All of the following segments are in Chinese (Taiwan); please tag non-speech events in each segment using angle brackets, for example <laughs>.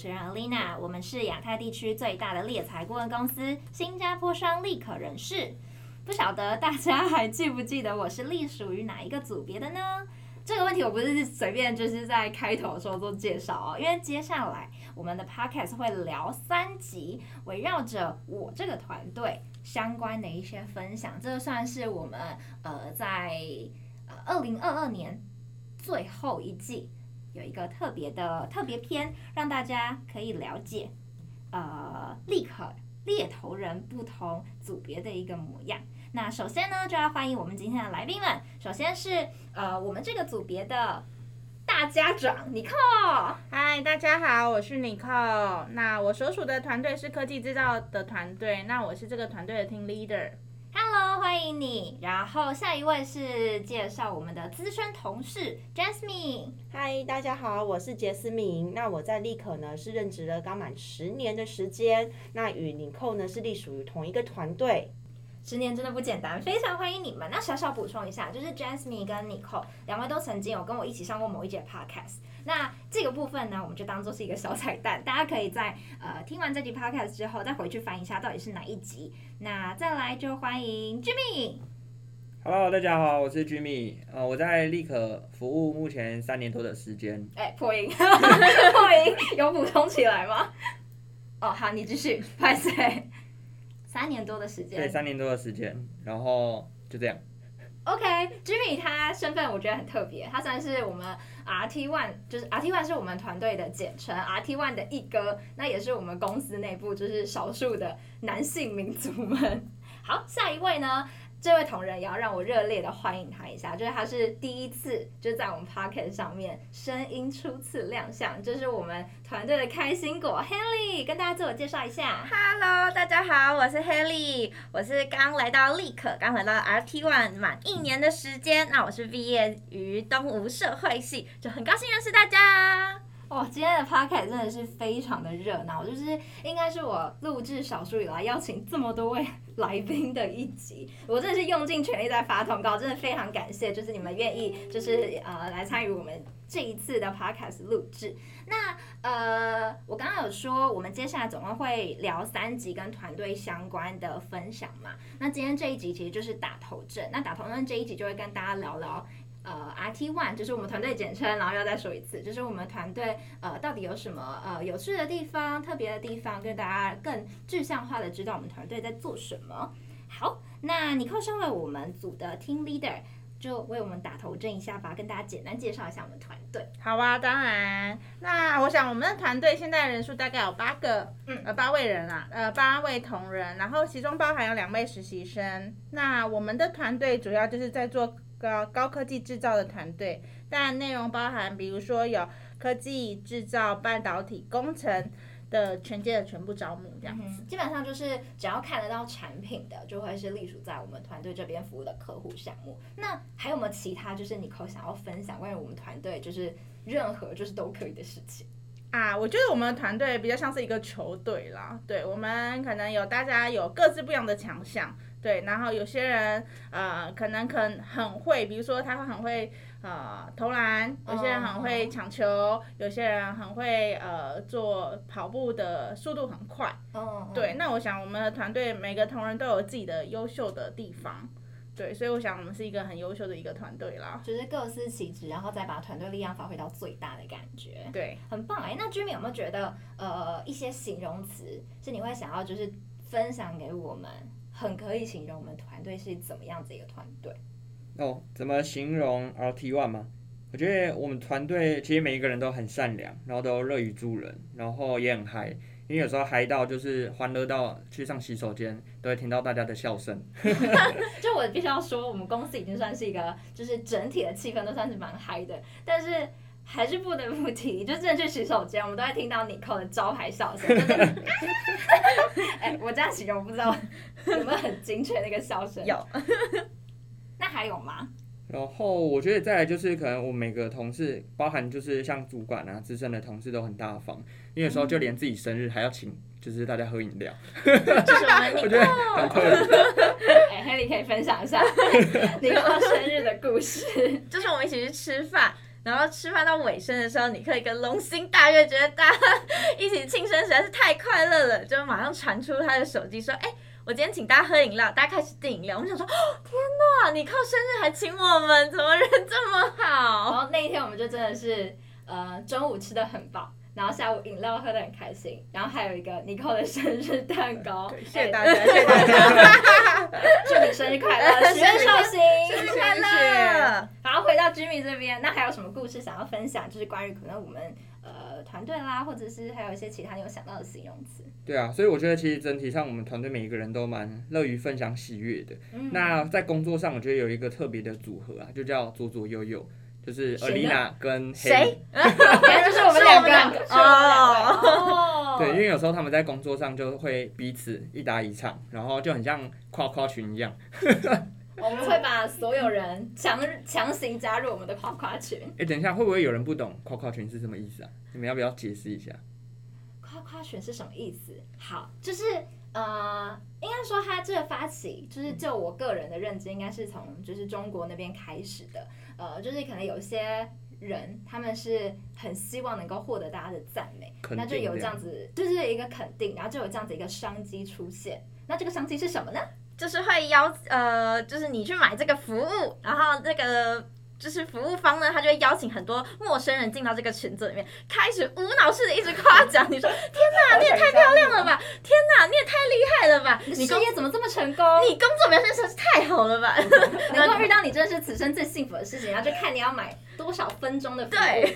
主持人 Lina，我們是亞太地區最大的獵才顧問公司——新加坡商立可人事。不曉得大家還記不記得我是隸屬於哪一個組別的呢？這個問題我不是隨便就是在開頭的時候做介紹哦，因為接下來我們的 Podcast 會聊三集，圍繞着我這個團隊相關的一些分享。這算是我們呃在二零二二年最後一季。有一個特別的特別篇，讓大家可以了解，呃，立可獵頭人不同組別的一個模樣。那首先呢，就要歡迎我們今天的來賓們。首先是呃，我們這個組別的大家長尼克。嗨，大家好，我是尼克。那我所屬的團隊是科技制造的團隊，那我是這個團隊的 team leader。Hello，歡迎你。然後下一位是介紹我們的資深同事 Jasmine。嗨，大家好，我是 Jasmine。那我在立可呢是任職了剛滿十年的時間。那與 Nicko 呢是隸屬於同一個團隊。十年真的不簡單，非常歡迎你們。那小小補充一下，就是 Jasmine 跟 Nicko 兩位都曾經有跟我一起上過某一節 Podcast。那這個部分呢，我們就當做是一個小彩蛋，大家可以在呃聽完這集 podcast 之後，再回去翻一下到底是哪一集。那再來就歡迎 Jimmy。Hello，大家好，我是 Jimmy，呃，我在立可服務目前三年多的時間。哎、欸，破音，呵呵破音有補充起來嗎？ <laughs> 哦，好，你繼續，抱歉。三年多的時間，對，三年多的時間，然後就這樣。OK，Jimmy、okay, 他身份我覺得很特別，他算是我們。1 RT One 就是 RT One 是我們團隊的簡稱，RT One 的一哥，那也是我們公司內部就是少數的男性民族們。好，下一位呢？這位同仁也要讓我熱烈的歡迎他一下，就是他是第一次就在我們 pocket 上面聲音初次亮相，就是我們團隊的開心果 Haley，跟大家自我介紹一下。Hello，大家好，我是 Haley，我是剛來到立可，剛回到 RT One 滿一年的時間，那我是畢業於東吳社會系，就很高興認識大家。哦，今天的 pocket 真的是非常的熱鬧，就是應該是我錄製少數以來邀請這麼多位來賓的一集，我真的是用盡全力在發通告，真的非常感謝，就是你們願意，就是呃，來參與我們這一次的 podcast 錄製。那呃，我剛剛有說，我們接下來總共會聊三集跟團隊相關的分享嘛。那今天這一集其實就是打頭陣，那打頭陣這一集就會跟大家聊聊。呃，RT One 就是我們團隊簡稱，然後要再說一次，就是我們團隊呃到底有什麼呃有趣的地方、特別的地方，跟大家更具象化的知道我們團隊在做什麼。好，那 Nicole 身為我們組的 Team Leader，就為我們打頭陣一下吧，跟大家簡單介紹一下我們團隊。好啊，當然。那我想我們的團隊現在人數大概有八個，嗯、呃，八位人啦、啊，呃，八位同仁，然後其中包含有兩位實習生。那我們的團隊主要就是在做。高高科技製造的團隊，但內容包含，比如說有科技製造、半導體工程的全界的全部招募這樣子，嗯。基本上就是只要看得到產品的，就會是隸屬在我們團隊這邊服務的客戶項目。那還有沒有其他就是 Nicole 想要分享關於我們團隊就是任何就是都可以的事情啊？我覺得我們團隊比較像是一個球隊啦，對，我們可能有大家有各自不一樣的強項。對，然後有些人呃，可能可能很會，比如說他會很會呃投籃，有些人很會搶球，oh, oh. 有些人很會呃做跑步的速度很快。哦。Oh, oh. 對，那我想我們的團隊每個同仁都有自己的優秀的地方，對，所以我想我們是一個很優秀的一個團隊啦，就是各司其職，然後再把團隊力量發揮到最大的感覺。對，很棒，哎。那 Jimmy 有沒有覺得呃一些形容詞是你會想要就是分享給我們？很可以形容我們團隊是怎麼樣子一個團隊。哦，怎麼形容 RT1 嗎？我覺得我們團隊其實每一個人都很善良，然後都樂於助人，然後也很嗨。因為有時候嗨到就是歡樂到去上洗手間都會聽到大家的笑聲。 <laughs> 就我必須要說，我們公司已經算是一個，就是整體的氣氛都算是蠻嗨的，但是。還是不得不提，就真的去洗手間，我們都會聽到 Nicole 的招牌笑聲、 <laughs> 欸。我這樣形容不知道有沒有很精確那個笑聲。有，那還有嗎？然後我覺得再來就是，可能我每個同事，包含就是像主管啊、資深的同事都很大方，因為有時候就連自己生日還要請，就是大家喝飲料。就是我們，我覺得很快哎 Henry 可以分享一下你過 <laughs> <laughs> 生日的故事，就是我們一起去吃飯。然後吃飯到尾聲的時候，你可以跟龍心大悅覺得大家一起慶生實在是太快樂了，就馬上傳出他的手機說：“哎、欸，我今天請大家喝飲料，大家開始訂飲料。”我們想說：“天哪、啊，你靠生日還請我們，怎麼人這麼好？”然後那一天我們就真的是，呃，中午吃得很飽。然後下午飲料喝的很開心，然後還有一個 Nicole 的生日蛋糕，嗯、謝謝大家，祝你生日快樂，生日壽星，生日快樂。謝謝謝謝好，回到 Jimmy 這邊，那還有什麼故事想要分享？就是關於可能我們呃團隊啦，或者是還有一些其他你有想到的形容詞。對啊，所以我覺得其實整體上我們團隊每一個人都蠻樂於分享喜悅的。嗯、那在工作上，我覺得有一個特別的組合啊，就叫左左右右。就是 Alina 跟誰誰？哈 <laughs> 就是我們兩個, <laughs> 們兩個哦,兩個哦對，因為有時候他們在工作上就會彼此一搭一唱，然後就很像誇誇群一樣。 <laughs> 我們會把所有人強、嗯、強行加入我們的誇誇群。哎、欸，等一下，會不會有人不懂誇誇群是什麼意思啊？你們要不要解釋一下？他選是什麼意思？好，就是呃，應該說他這個發起，就是就我個人的認知，應該是從就是中國那邊開始的。呃，就是可能有些人他們是很希望能夠獲得大家的讚美，那就有這樣子就是一個肯定，然後就有這樣子一個商機出現。那這個商機是什麼呢？就是會要呃，就是你去買這個服務，然後這個。就是服務方呢，他就會邀請很多陌生人進到這個群組裡面，開始無腦式的一直誇獎。你說，天哪，你也太漂亮了吧！天哪，你也太厲害了吧！你事業怎麼這麼成功？你工作表現實在是太好了吧！ <laughs> 能夠遇到你真的是此生最幸福的事情。然後就看你要買多少分鐘的服務。對，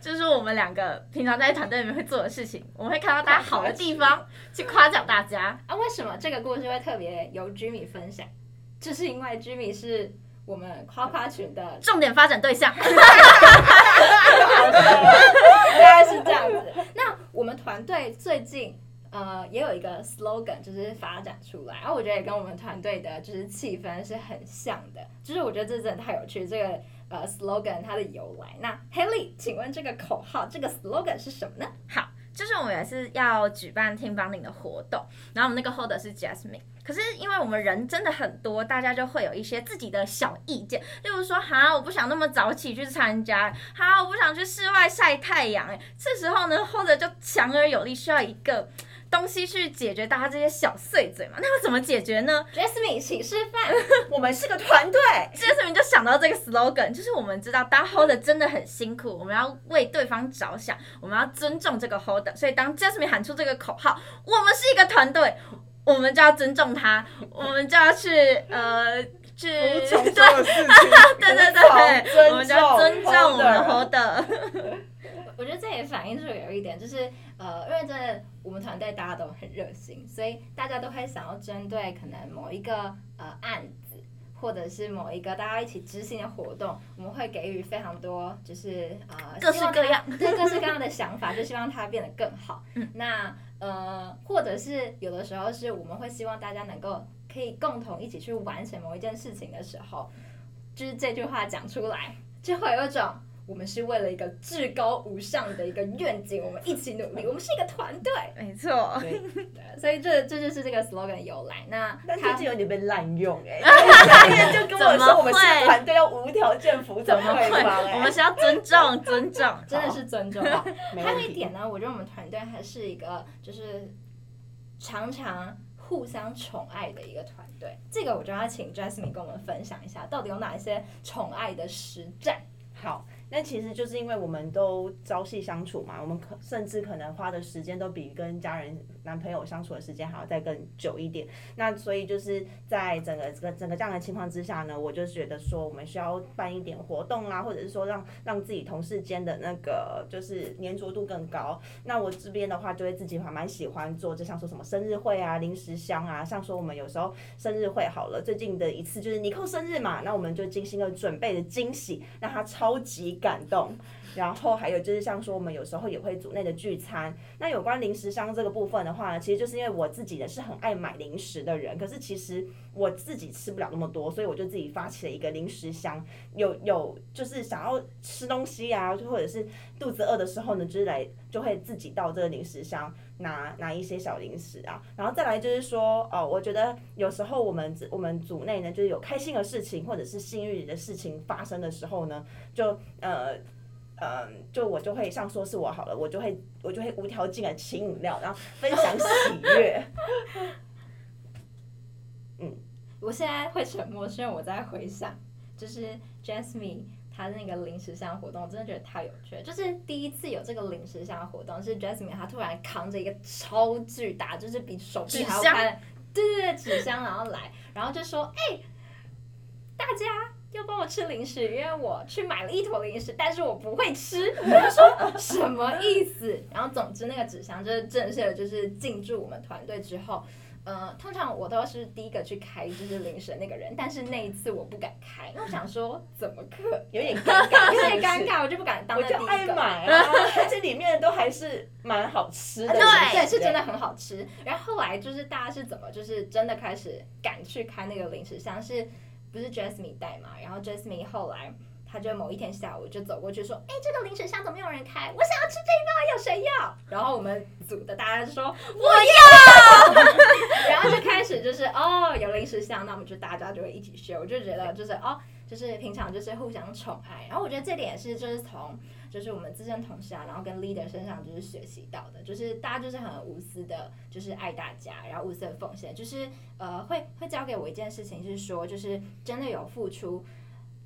就是我們兩個平常在團隊裡面會做的事情，我們會看到大家好的地方，去誇獎大家。啊，為什麼這個故事會特別由 Jimmy 分享？就是因為 Jimmy 是。我們誇誇群的重點發展對象，大概是這樣子。那我們團隊最近呃也有一個 slogan，就是發展出來，然後、啊、我覺得也跟我們團隊的就是氣氛是很像的。就是我覺得這真的太有趣，這個呃 slogan 它的由來。那 Haley，請問這個口號、這個 slogan 是什麼呢？好。就是我們也是要舉辦 team bonding 的活動，然後我們那個 holder 是 Jasmine，可是因為我們人真的很多，大家就會有一些自己的小意見，例如說哈，我不想那麼早起去參加，好，我不想去室外曬太陽，哎，這時候呢，holder 就強而有力，需要一個。東西去解決大家這些小碎嘴嘛？那要怎麼解決呢？Jasmine，請示範。 <laughs> 我們是個團隊。Jasmine <laughs> 就想到這個 slogan，就是我們知道當 holder 真的很辛苦，我們要為對方着想，我們要尊重這個 holder。所以當 Jasmine 喊出這個口號，我們是一個團隊，我們就要尊重他，我們就要去呃去 <laughs> <laughs> 對 <laughs> <laughs> 對對對，我們就要尊重我們 holder。 <laughs> 我覺得這也反映出有一點，就是。呃，因為真的，我們團隊大家都很熱心，所以大家都會想要針對可能某一個呃案子，或者是某一個大家一起執行的活動，我們會給予非常多，就是呃各式各樣，各式各樣的想法， <laughs> 就是希望它變得更好。那呃，或者是有的時候是我們會希望大家能夠可以共同一起去完成某一件事情的時候，就是這句話講出來，就會有一種。我們是為了一個至高無上的一個願景，我們一起努力。我們是一個團隊，沒錯錯。對，所以這這就是這個 slogan 由來，那但最近有點被濫用，哎，導演就跟我說，我們是團隊，要無條件服從、欸，怎麼會？我們是要尊重，尊重， <laughs> 真的是尊重。還有一點呢，我覺得我們團隊還是一個就是常常互相寵愛的一個團隊。這個我覺得要請 Jasmine 跟我們分享一下，到底有哪一些寵愛的實戰？好。那其實就是因為我們都朝夕相處嘛，我們可甚至可能花的時間都比跟家人、男朋友相處的時間還要再更久一點，那所以就是在整個這個整個這樣的情況之下呢，我就覺得說我們需要辦一點活動啊，或者是說，讓讓自己同事間的那個就是粘着度更高。那我這邊的話就會自己還蠻喜歡做，就像說什麼生日會啊、零食箱啊，像說我們有時候生日會好了，最近的一次就是 Nicole 生日嘛，那我們就精心的準備的驚喜，讓他超級感動。然後還有就是像說，我們有時候也會組內的聚餐。那有關零食箱這個部分的話呢，其實就是因為我自己呢是很愛買零食的人，可是其實我自己吃不了那麼多，所以我就自己發起了一個零食箱。有有就是想要吃東西啊，就或者是肚子餓的時候呢，就是來就會自己到這個零食箱拿拿一些小零食啊。然後再來就是說，哦，我覺得有時候我們我們組內呢，就是有開心的事情或者是幸運的事情發生的時候呢，就呃。嗯，就我就會想說是我好了，我就會我就會無條件的、啊、請飲料，然後分享喜悅。 <laughs> 嗯，我現在會沉默，是因為我在回想，就是 Jasmine 她那個零食箱活動，真的覺得太有趣了，就是第一次有這個零食箱活動，是 Jasmine 她突然扛着一個超巨大，就是比手臂還要寬，紙箱對對對，紙箱，然後來，然後就說：“哎，大家。”又幫我吃零食，因為我去買了一坨零食，但是我不會吃，我就說什麼意思？ <laughs> 然後總之那個紙箱就是正式的就是進駐我們團隊之後，呃，通常我都是第一個去開就是零食的那個人，但是那一次我不敢開，那我想說怎麼可有點尷尬，有點尷尬， <laughs> 尷尬我就不敢當。 <laughs> 我就愛買啊， <laughs> 而且裡面都還是蠻好吃的， <laughs> 對，是真的很好吃。然後後來就是大家是怎麼就是真的開始敢去開那個零食箱是。不是 Jasmine 帶嘛，然後 Jasmine 後來，她就某一天下午就走過去說：“哎，這個零食箱怎麼沒有人開？我想要吃這一包，有誰要？”然後我們組的大家就說：“我要。” <laughs> 然後就開始就是哦，有零食箱，那我們就大家就會一起修。我就覺得就是哦，就是平常就是互相寵愛。然後我覺得這點是就是從。就是我們資深同事啊，然後跟 leader 身上就是學習到的，就是大家就是很無私的，就是愛大家，然後無私的奉獻，就是呃會會教給我一件事情，是說就是真的有付出，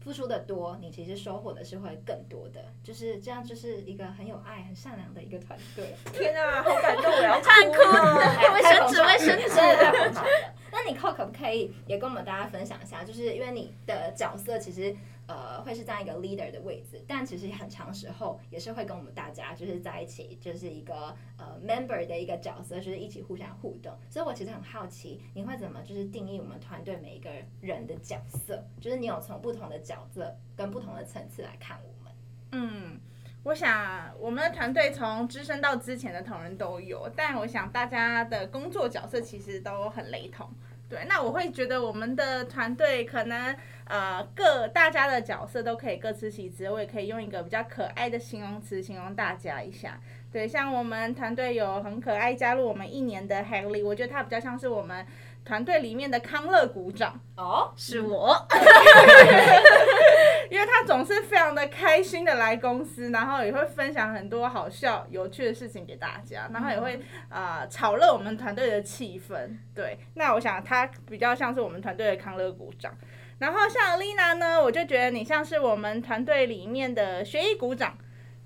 付出的多，你其實收穫的是會更多的，就是這樣，就是一個很有愛、很善良的一個團隊。天啊，好感動，我要哭了！衛生紙，衛生紙，衛生紙！那你後可不可以也跟我們大家分享一下？就是因為你的角色其實。呃，會是在一個 leader 的位置，但其實很長時候也是會跟我們大家就是在一起，就是一個呃 member 的一個角色，就是一起互相互動。所以我其實很好奇，你會怎麼就是定義我們團隊每一個人的角色？就是你有從不同的角色跟不同的層次來看我們？嗯，我想我們的團隊從資深到之前的同仁都有，但我想大家的工作角色其實都很雷同。對，那我會覺得我們的團隊可能，呃，各大家的角色都可以各司其職。我也可以用一個比較可愛的形容詞形容大家一下。對，像我們團隊有很可愛加入我們一年的 Henry，我覺得他比較像是我們。團隊裡面的康樂股長哦，oh, 是我， <laughs> Okay. <laughs> 因為他總是非常的開心地來公司，然後也會分享很多好笑有趣的事情給大家，然後也會啊，炒熱、mm hmm. 呃、我們團隊的氣氛。對，那我想他比較像是我們團隊的康樂股長，然後像 Lina 呢，我就覺得你像是我們團隊裡面的學藝股長，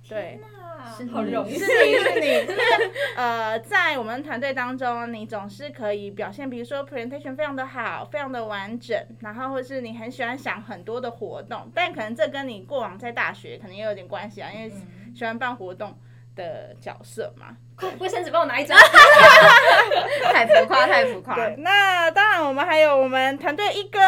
對。是你，是你，就是你 <laughs> 呃，在我們團隊當中，你總是可以表現，比如說 presentation 非常的好，非常的完整，然後或是你很喜歡想很多的活動，但可能這跟你過往在大學可能也有點關係啊，因為喜歡辦活動的角色嘛。衛生紙幫我拿一張，太浮誇，太浮誇。那當然，我們還有我們團隊一哥。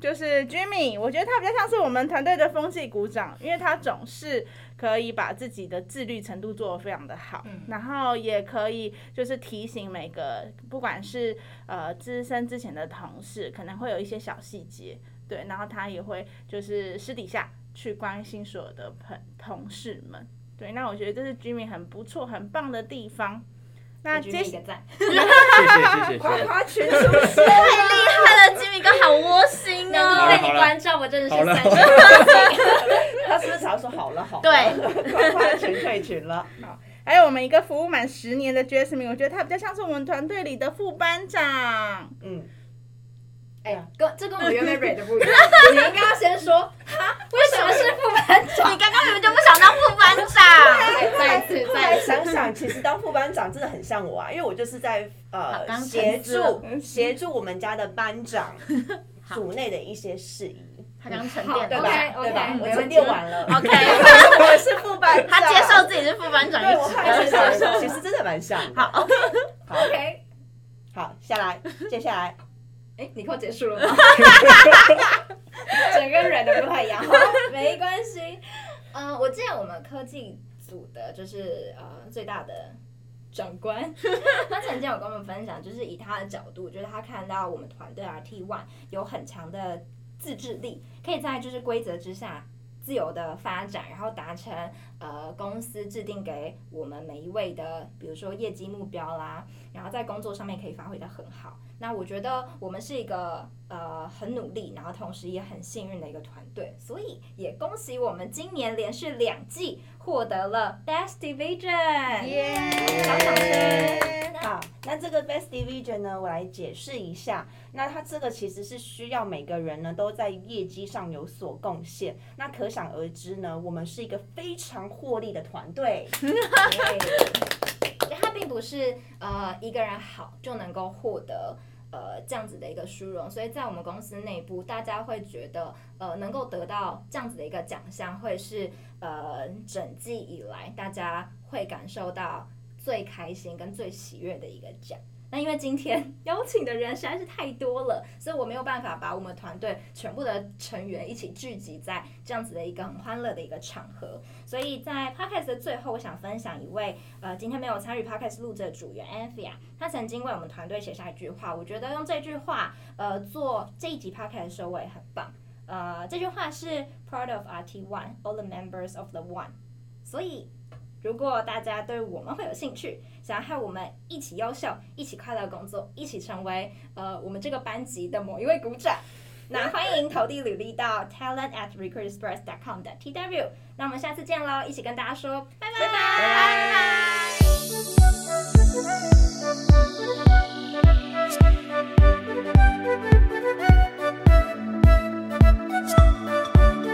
就是 Jimmy，我覺得他比較像是我們團隊的風紀股長，因為他總是可以把自己的自律程度做得非常的好，嗯、然後也可以就是提醒每個不管是呃資深之前的同事，可能會有一些小細節，對，然後他也會就是私底下去關心所有的朋同事們，對，那我覺得這是 Jimmy 很不錯、很棒的地方。那接一個讚，謝謝謝謝，誇誇 <laughs> 群主 <laughs> 太厲害了 Jasmine <laughs> 哥好窩心哦，能為你關照，我真的是三感恩。好好好好 <laughs> 他是不是想說好了好了對，誇誇 <laughs> 群退群了。好， <laughs> 還有我們一個服務滿十年的 Jasmine，我覺得他比較像是我們團隊裡的副班長。嗯。哎呀，哥，這跟我們原來 read 的不一樣。你剛剛先說啊，為什麼是副班長？你剛剛根本就不想當副班長。對，對，後來想想，其實當副班長真的很像我啊，因為我就是在呃協助協助我們家的班長組內的一些事宜。他剛沉澱了，對吧？我沉澱完了。OK，我是副班長。他接受自己是副班長，對，其實其實真的蠻像。好，OK，好，下來，接下來。哎，你快結束了嗎？ <laughs> <laughs> 整個人都不太一樣。沒關係，嗯、uh，我記得我們科技組的，就是呃，uh, 最大的長官， <laughs> 他曾經有跟我們分享，就是以他的角度，就是他看到我們團隊啊，RT1 有很強的自制力，可以在就是規則之下自由的發展，然後達成。呃，公司制定給我們每一位的，比如說業績目標啦，然後在工作上面可以發揮得很好。那我覺得我們是一個呃很努力，然後同時也很幸運的一個團隊。所以也恭喜我們今年連續兩季獲得了 Best Division，掌聲 Yeah!。Yeah! 好，那這個 Best Division 呢，我來解釋一下。那它這個其實是需要每個人呢都在業績上有所貢獻。那可想而知呢，我們是一個非常。獲利的團隊，所以他並不是呃一個人好就能夠獲得呃這樣子的一個殊榮，所以在我們公司內部，大家會覺得呃能夠得到這樣子的一個獎項，會是呃整季以來大家會感受到最開心跟最喜悅的一個獎。那因為今天邀請的人實在是太多了，所以我沒有辦法把我們團隊全部的成員一起聚集在這樣子的一個很歡樂的一個場合。所以在 podcast 的最後，我想分享一位呃今天沒有參與 podcast 錄製的組員 Anthia，他曾經為我們團隊寫下一句話，我覺得用這句話呃做這一集 podcast 的收尾很棒。呃，這句話是 proud of RT1 all the members of the one，所以。如果大家對我們會有興趣，想要和我們一起優秀、一起快樂工作、一起成為呃我們這個班級的某一位鼓掌， <laughs> 那歡迎投遞履歷到 talent at recruitexpress dot com 的 T W。那我們下次見嘍，一起跟大家說拜拜拜拜拜拜。